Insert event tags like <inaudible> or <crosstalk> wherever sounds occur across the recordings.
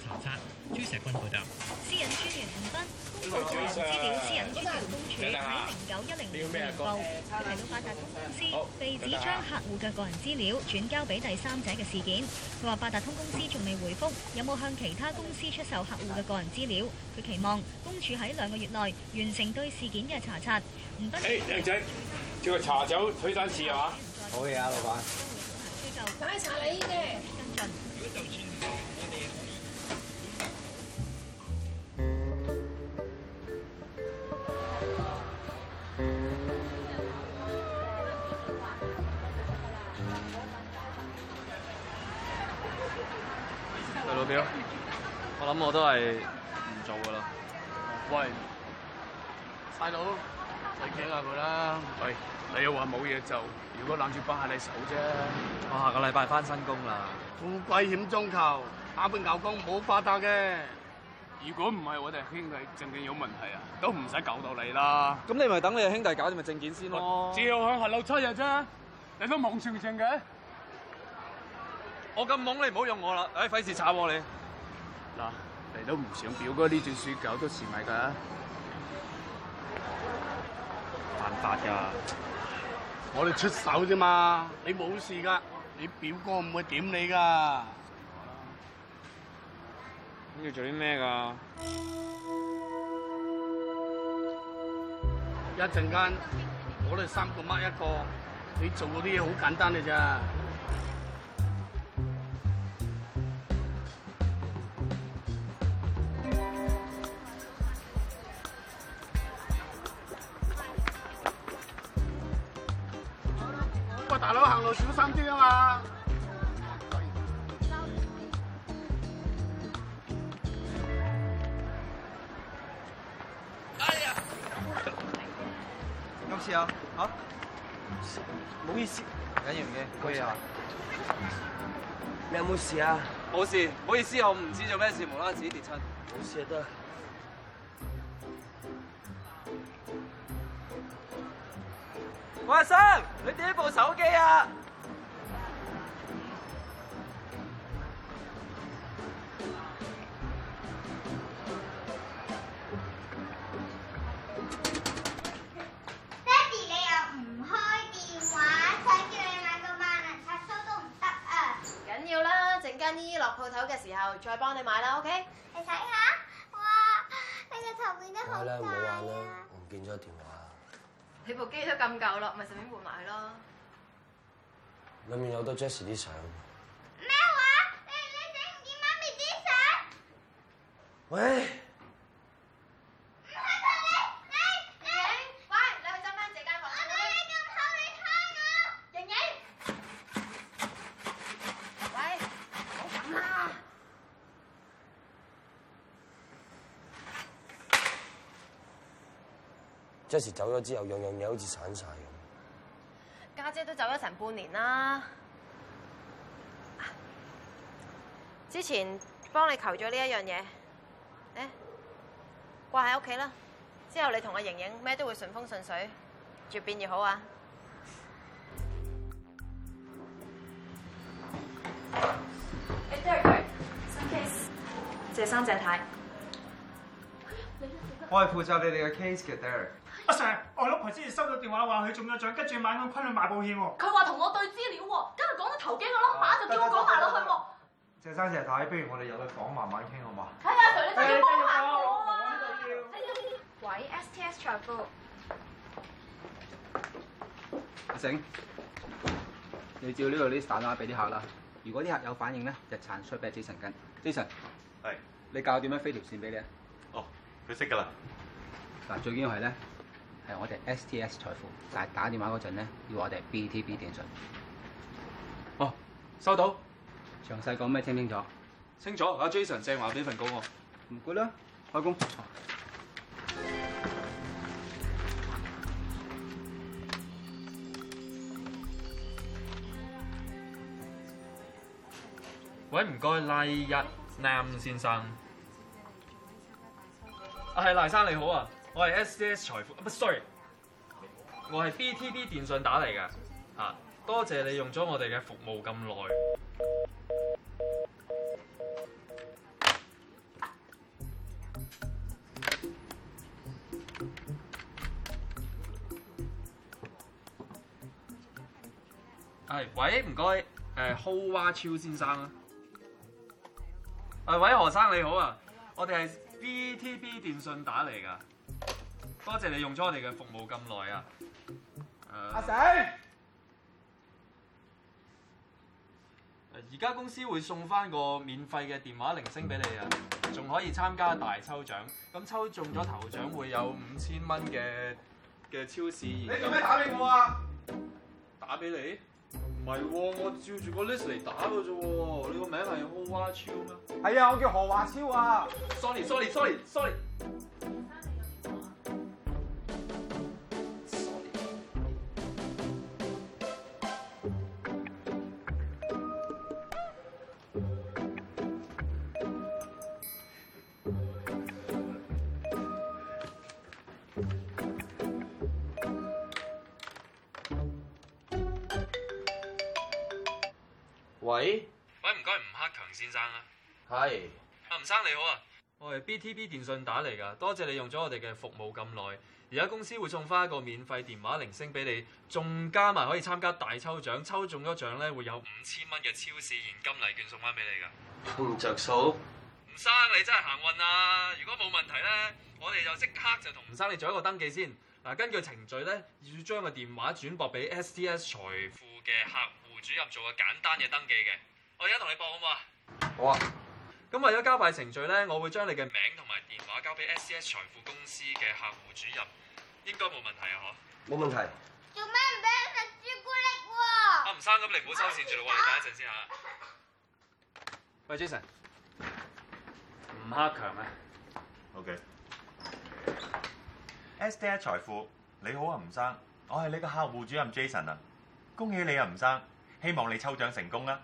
查察朱石君報道，私隱專員吳斌公布資料，私隱專員公署喺零九一零年報提到，八達通公司被指將客戶嘅個人資料轉交俾第三者嘅事件。佢話八達通公司仲未回覆，有冇向其他公司出售客戶嘅個人資料？佢期望公署喺兩個月內完成對事件嘅查察。吳斌，靚仔，叫個茶酒推單士啊，可以啊，老闆。奶茶嚟嘅。我諗我都係唔做噶啦。喂，細佬，使傾下佢啦。喂，你又話冇嘢做，如果攬住幫下你手啫。我下個禮拜翻新工啦。富貴險中求，打半咬工冇發達嘅。如果唔係我哋兄弟證件有問題啊，都唔使搞到你啦。咁你咪等你兄弟搞掂咪證件先咯。照向行路七日啫，你都望上證嘅。我咁懵，你唔好用我啦，哎，費事炒我你。嗱，你都唔想表哥呢段雪狗都蝕埋噶，犯法噶， <noise> 我哋出手啫嘛，你冇事噶，你表哥唔會點你噶。 <noise> 你要做啲咩噶？一陣間，我哋三個掹一個，你做嗰啲嘢好簡單嘅咋。大佬行路小心啲啊嘛！哎呀！今次啊嚇，唔好意思，緊要唔緊要啊？你有冇事啊？冇事，事，唔好意思，我唔知做咩事，無啦啦自己跌親，冇事就得。阿生。你點一部手機啊？爹哋，你又唔開電話，想叫你買個萬能插蘇都唔得啊！唔緊要啦，陣間姨姨落鋪頭嘅時候再幫你買啦，OK？你睇下，哇，你個頭變得好大啊！唔見咗電話。你部機都咁舊啦，咪順便換埋囉。裏面有好多 Jess 啲相。咩話？你你睇唔見媽咪啲相？喂。即時走咗之後，樣樣嘢好似散晒。咁。家姐都走咗成半年啦，啊。之前幫你求咗呢一樣嘢，誒、欸，掛喺屋企啦。之後你同阿盈盈咩都會順風順水，越變越好啊 e、okay。謝生謝太，太，我係負責你哋嘅 case 嘅 Eric。阿 Sir，我老婆之前收到電話話佢中咗獎，跟住晚我昆去買保險喎。佢話同我對資料喎，跟住講到頭幾個冧把，馬上就叫我講埋落去。謝生謝太，不如我哋入去房慢慢傾好嘛？係啊，你仲你幫下我。喂，S T S 財富，阿醒，你照呢度啲散單俾啲客啦。如果啲客有反應咧，日產出俾阿 Jason。Jason，係，你教點樣飛條線俾你啊？哦，佢識噶啦。嗱，最緊要係咧。係我哋 STS 財富，但係打電話嗰陣咧，要我哋 BTB 電信。哦，收到。詳細講咩？清唔清楚？清楚。阿 Jason 正話俾份稿我，唔該啦，開工。喂，唔該，賴日南先生。啊，係賴生你好啊。我係 S D S 財富，唔係 sorry，我係 B T B 電信打嚟噶。啊，多謝你用咗我哋嘅服務咁耐。係、哎，喂，唔該，誒、呃，豪華超先生啊，誒、哎，喂，何生你好啊，我哋係 B T B 電信打嚟噶。多謝你用咗我哋嘅服務咁耐啊！呃、阿醒而家公司會送翻個免費嘅電話鈴聲俾你啊，仲可以參加大抽獎。咁抽中咗頭獎會有五千蚊嘅嘅超市。你做咩打俾我啊？打俾你？唔係、啊，我照住個 list 嚟打嘅啫。你個名係何華超咩？係啊，我叫何華超啊。Sorry，Sorry，Sorry，Sorry。喂，喂，唔該，吳克強先生啊，係，阿、啊、吳生你好啊，我係 B T B 電訊打嚟噶，多謝你用咗我哋嘅服務咁耐，而家公司會送翻一個免費電話鈴聲俾你，仲加埋可以參加大抽獎，抽中咗獎咧會有五千蚊嘅超市現金禮券送翻俾你噶，唔着數，吳生你真係幸運啊，如果冇問題咧，我哋就即刻就同吳生你做一個登記先，嗱、啊，根據程序咧要將個電話轉駁俾 S D S 財富嘅客主任做個簡單嘅登記嘅，我而家同你報好嘛？好啊。咁為咗交快程序咧，我會將你嘅名同埋電話交俾 S D S 財富公司嘅客戶主任，應該冇問題啊？嗬，冇問題。做咩唔俾我食朱古力喎？阿、啊、吳生，咁你唔好收線住啦，我問 j a s 先吓。喂，Jason，吳克強啊？OK。S D S 財富，你好啊，吳生，我係你嘅客戶主任 Jason 啊，恭喜你啊，吳生。希望你抽獎成功啦！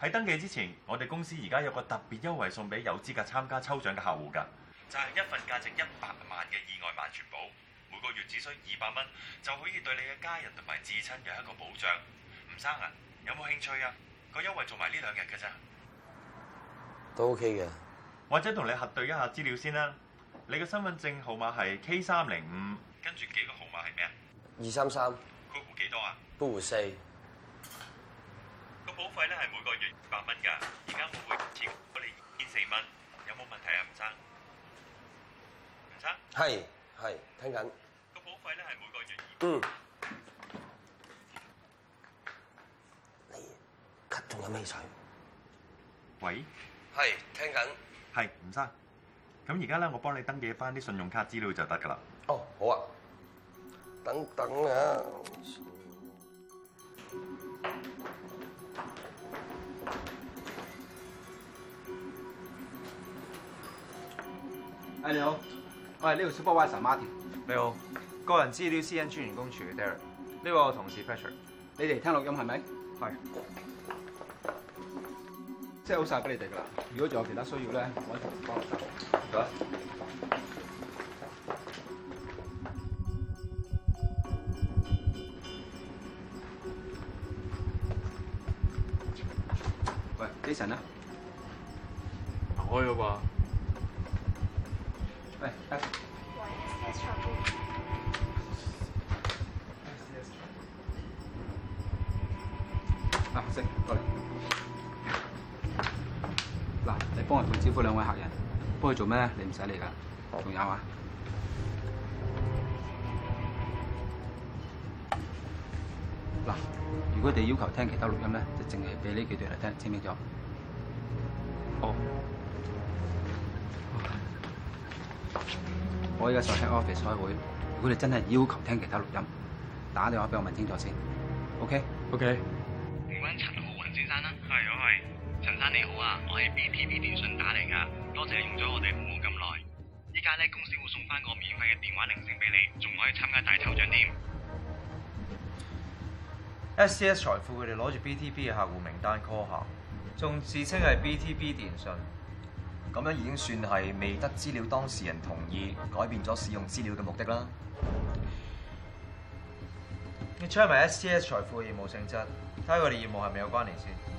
喺登記之前，我哋公司而家有個特別優惠送俾有資格參加抽獎嘅客戶㗎，就係一份價值一百萬嘅意外萬全保，每個月只需二百蚊就可以對你嘅家人同埋至親有一個保障。吳生啊，有冇興趣啊？個優惠做埋呢兩日㗎咋，都 OK 嘅。或者同你核對一下資料先啦，啊。你嘅身份證號碼係 K 三零五，跟住幾個號碼係咩啊？二三三。保幾多啊？保四。保費咧係每個月二百蚊噶，而家每次我哋二千四蚊，有冇問題啊，吳生？吳生係係聽緊個保費咧係每個月二嗯，咳仲有咩菜？喂係聽緊係吳生，咁而家咧我幫你登記翻啲信用卡資料就得噶啦。哦好啊，等等啊。你好，我係呢度 supervisor Martin。是你好，個人資料私隱專員公署 Derek，呢位、這個、我同事 Patrick。你哋聽錄音係咪？係。即係好晒俾你哋啦，如果仲有其他需要咧，不幫我揾同事幫手。得。喂，Jason 啊，開咗啩？藍、啊、過嚟。嗱、啊，你幫我同招呼兩位客人，幫佢做咩你唔使嚟噶。仲有啊？嗱，如果你要求聽其他錄音咧，就淨係俾呢幾段嚟聽，清清楚？好、哦。我而家在聽 office 開會，如果你真係要求聽其他錄音，打電話俾我問清楚先。OK？OK？、Okay? Okay. 係 B T B 電信打嚟噶多謝你用咗我哋服務咁耐，依家咧公司會送翻個免費嘅電話鈴聲俾你，仲可以參加大抽獎添。S C S 財富佢哋攞住 B T B 嘅客戶名單 call 下，仲自稱係 B T B 電信，咁樣已經算係未得資料當事人同意，改變咗使用資料嘅目的啦。你 check 埋 S C S 財富嘅業務性質，睇下佢哋業務係咪有關聯先。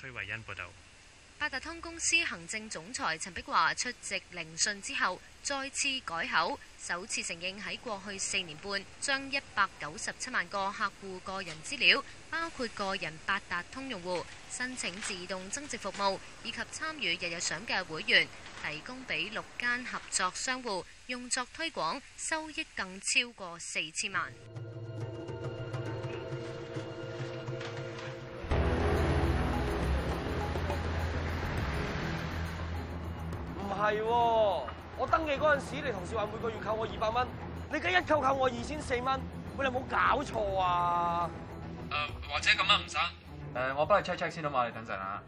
崔慧欣報道：八達通公司行政總裁陳碧華出席聆訊之後，再次改口，首次承認喺過去四年半將一百九十七萬個客戶個人資料，包括個人八達通用戶、申請自動增值服務以及參與日日賞嘅會員，提供俾六間合作商戶用作推廣，收益更超過四千萬。係喎，我登記嗰陣時，你同事話每個月扣我二百蚊，你梗係一扣扣我二千四蚊，你有冇搞錯啊？誒、uh,，或者咁樣，唔生。誒，我幫你 check check 先啊嘛，你等陣啊。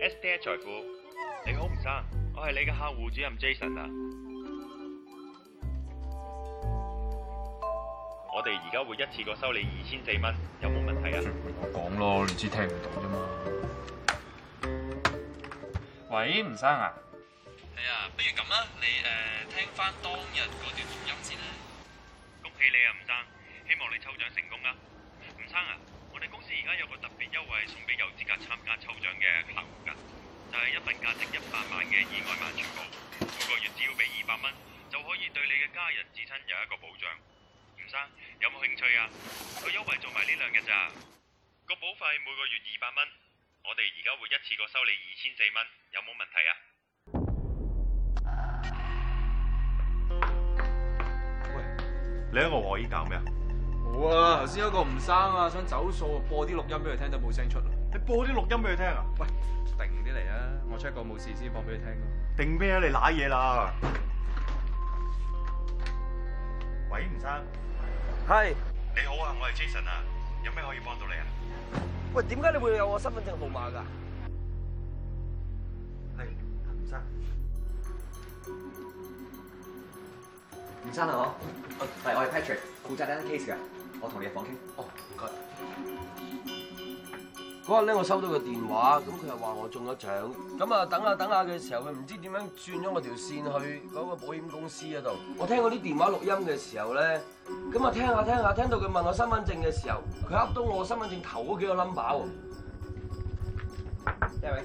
S D I 財富。我係你嘅客戶主任 Jason 啊，我哋而家會一次過收你二千四蚊，有冇問題啊？我講咯？你知聽唔到啫嘛？喂，吳生啊，係啊，不如咁啦，你誒、呃、聽翻當日嗰段錄音先啦。恭喜你啊，吳生，希望你抽獎成功啊！吳生啊，我哋公司而家有個特別優惠送俾有資格參加抽獎嘅客戶噶。係一份價值一百萬嘅意外萬全保，每個月只要俾二百蚊，就可以對你嘅家人至親有一個保障。吳生有冇興趣啊？個優惠做埋呢兩日咋，個保費每個月二百蚊，我哋而家會一次過收你二千四蚊，有冇問題啊？喂，你喺我可以搞咩啊？冇啊，頭先有個吳生啊，想走數，播啲錄音俾佢聽，都冇聲出。你播啲錄音俾佢聽啊！喂，定啲嚟啊！我 check 過冇事先放俾佢聽。定咩啊？你瀨嘢啦！喂，吳生。係。你好啊，我係 Jason 啊，有咩可以幫到你啊？喂，點解你會有我身份證號碼噶？係，吳生。吳生啊！我。係，我係 Patrick，負責呢單 case 噶，我同你入房傾。哦，唔該。嗰日咧，我收到個電話，咁佢又話我中咗獎，咁啊等下等下嘅時候，佢唔知點樣轉咗我條線去嗰個保險公司嗰度。我聽嗰啲電話錄音嘅時候咧，咁啊聽下聽下，聽到佢問我身份證嘅時候，佢噏到我身份證頭嗰幾個 number 喎。位，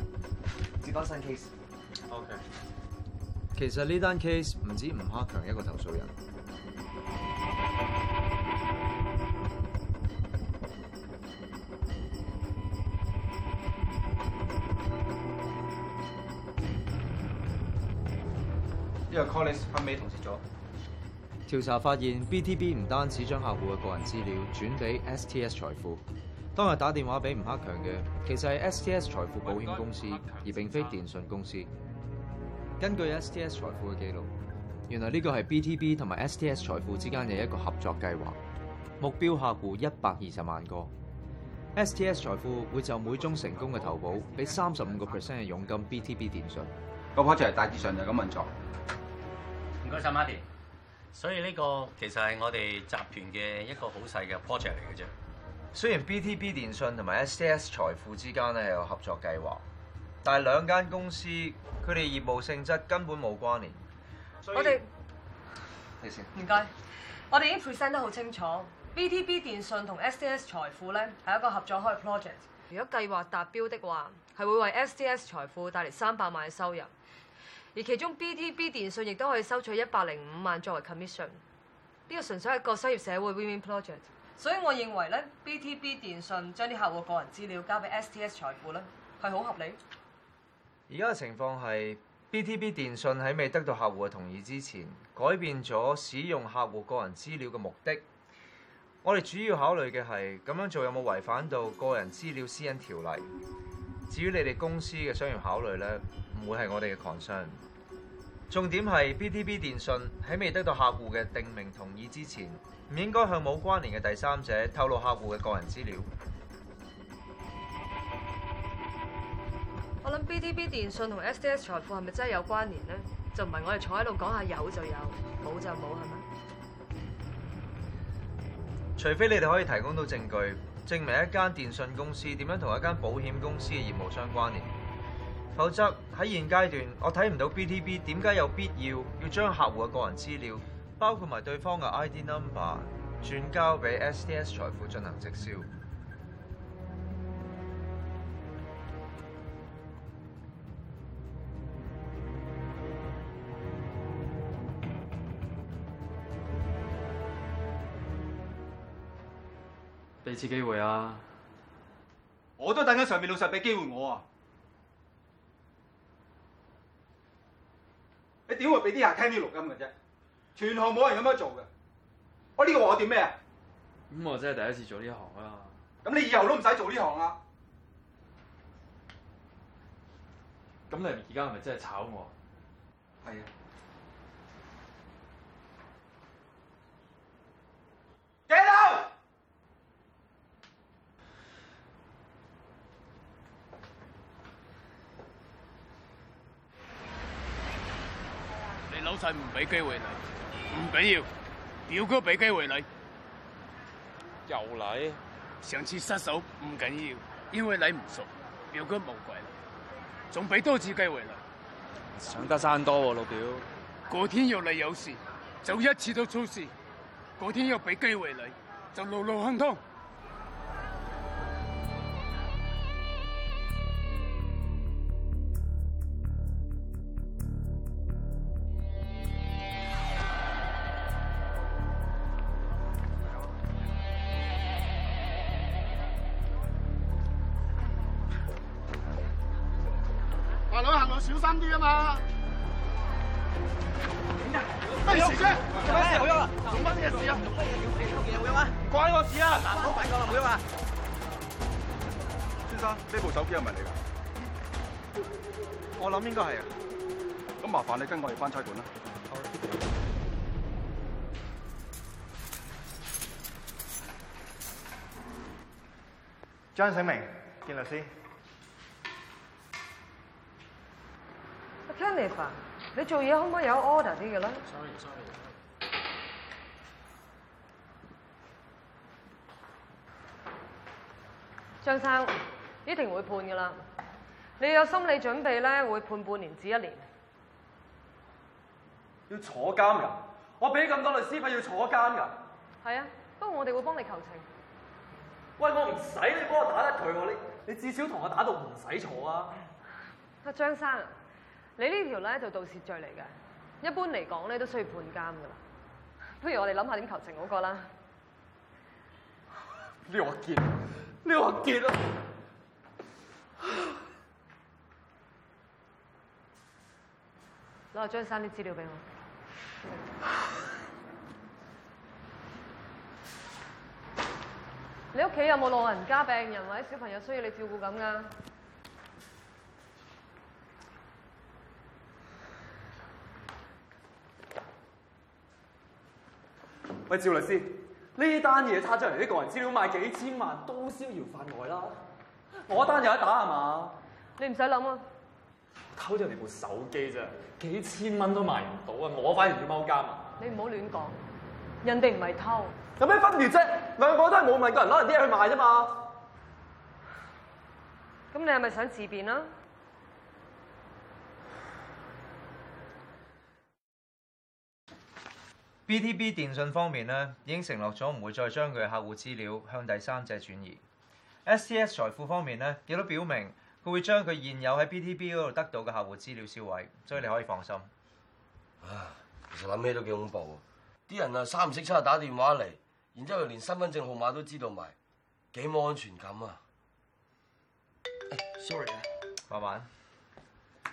接翻新 case，OK。其實呢單 case 唔止吳克強一個投訴人。因、這、為、個 call 你分尾同事咗，調查發現 B T B 唔單止將客戶嘅個人資料轉俾 S T S 財富，當日打電話俾吳克強嘅，其實係 S T S 財富保險公司，而並非電信公司。根據 S T S 財富嘅記錄，原來呢個係 B T B 同埋 S T S 財富之間嘅一個合作計劃，目標客戶一百二十萬個。S T S 財富會就每宗成功嘅投保，俾三十五個 percent 嘅佣金 B T B 電信。那個 project 大致上就咁運作。唔該曬，Marty。所以呢個其實係我哋集團嘅一個好細嘅 project 嚟嘅啫。雖然 B T B 電信同埋 S D S 財富之間咧有合作計劃，但係兩間公司佢哋業務性質根本冇關聯。我哋你先。唔該，我哋已經 present 得好清楚。B T B 電信同 S D S 財富咧係一個合作開嘅 project。如果計劃達標的話，係會為 S D S 財富帶嚟三百萬嘅收入。而其中 B T B 電訊亦都可以收取一百零五萬作為 commission，呢個純粹係一個商業社會 win win project。所以我認為咧，B T B 電訊將啲客戶個人資料交俾 S T S 財富咧係好合理。而家嘅情況係 B T B 電訊喺未得到客戶嘅同意之前，改變咗使用客戶個人資料嘅目的。我哋主要考慮嘅係咁樣做有冇違反到個人資料私隱條例。至於你哋公司嘅商業考慮咧，唔會係我哋嘅 concern。重點係 BTB 電信喺未得到客戶嘅定明同意之前，唔應該向冇關聯嘅第三者透露客戶嘅個人資料。我諗 BTB 電信同 S D S 財富係咪真係有關聯呢？就唔係我哋坐喺度講下有就有，冇就冇係咪？除非你哋可以提供到證據。證明一間電訊公司點樣同一間保險公司嘅業務相關聯，否則喺現階段我睇唔到 BTB 點解有必要要將客戶嘅個人資料，包括埋對方嘅 ID number 轉交俾 S D S 財富進行直銷。次機會啊！我都等緊上面老實俾機會我啊！你點會俾啲客人聽啲錄音嘅啫？全行冇人咁樣做嘅。話我呢個我點咩啊？咁我真係第一次做呢行啊！咁你以後都唔使做呢行啊！咁你而家係咪真係炒我？係啊！唔俾機會你，唔緊要，表哥俾機會你，又嚟。上次失手唔緊要，因為你唔熟，表哥冇鬼，總俾多次機會你。上得山多喎，老表。嗰天若你有事，就一次都出事。嗰天若俾機會你，就路路亨通。呢部手機係咪嚟㗎？ <laughs> 我諗應該係啊，咁麻煩你跟我哋翻差館啦。張醒明，見律師。Jennifer，你做嘢可唔可以有 order 啲嘅咧？Sorry, sorry. 張生。一定會判噶啦，你有心理準備咧，會判半年至一年，要坐監噶，我俾咁多律師費要坐監噶。係啊，不過我哋會幫你求情。喂，我唔使你幫我打得佢，啊，我你你至少同我打到唔使坐啊。阿張生，你條呢條咧就是，盜竊罪嚟嘅，一般嚟講咧都需要判監噶啦。不如我哋諗下點求情嗰個啦。你話結了，你話結啊！攞，阿張生啲資料俾我。你屋企有冇老人家、病人或者小朋友需要你照顧咁噶？喂，趙律師，呢單嘢查出嚟呢個人資料賣幾千萬，都逍遙法外啦！我單有得打係嘛？你唔使諗啊！我偷咗人哋部手機啫，幾千蚊都賣唔到啊！我反而要踎監啊！你唔好亂講，人哋唔係偷。有咩分別啫？兩個都係冇問個人攞人啲嘢去賣啫嘛。咁你係咪想自辯啊？BTB 電訊方面咧，已經承諾咗唔會再將佢嘅客戶資料向第三者轉移。S C S 財富方面咧，亦都表明佢會將佢現有喺 B T B 嗰度得到嘅客戶資料銷毀，所以你可以放心。啊，其實諗起都幾恐怖。啲人啊，三唔識七啊，打電話嚟，然之後連身份證號碼都知道埋，幾冇安全感啊！sorry 啊，拜拜。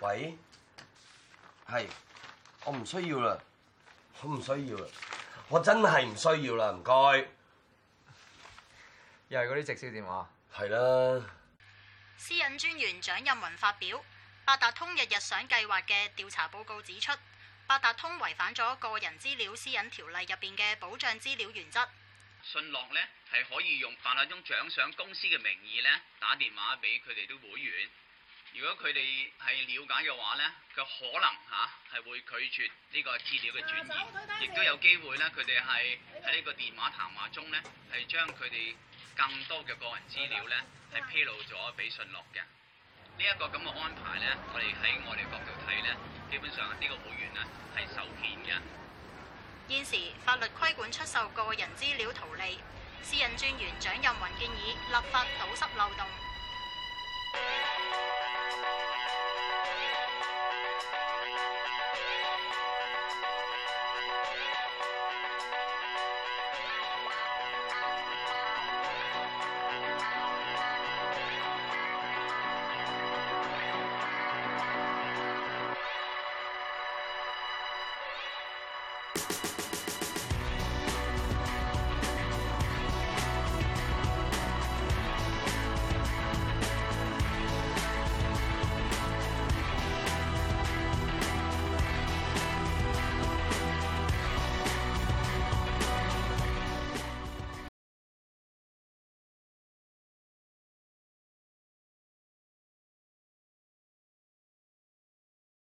喂，係，我唔需要啦，我唔需要啦，我真係唔需要啦，唔該。又係嗰啲直銷電話。係啦。私隱專員蔣任文發表《八達通日日賞計劃》嘅調查報告指出，八達通違反咗個人資料私隱條例入邊嘅保障資料原則。信樂呢，係可以用泛亞中獎賞公司嘅名義呢打電話俾佢哋啲會員，如果佢哋係了解嘅話呢，佢可能嚇、啊、係會拒絕呢個資料嘅轉移，亦都有機會呢，佢哋係喺呢個電話談話中呢係將佢哋。更多嘅個人資料呢係披露咗俾信樂嘅，呢、這、一個咁嘅安排呢，我哋喺我哋角度睇呢，基本上呢個會員啊係受騙嘅。現時法律規管出售個人資料圖利，私隱專員蔣任宏建議立法堵塞漏洞。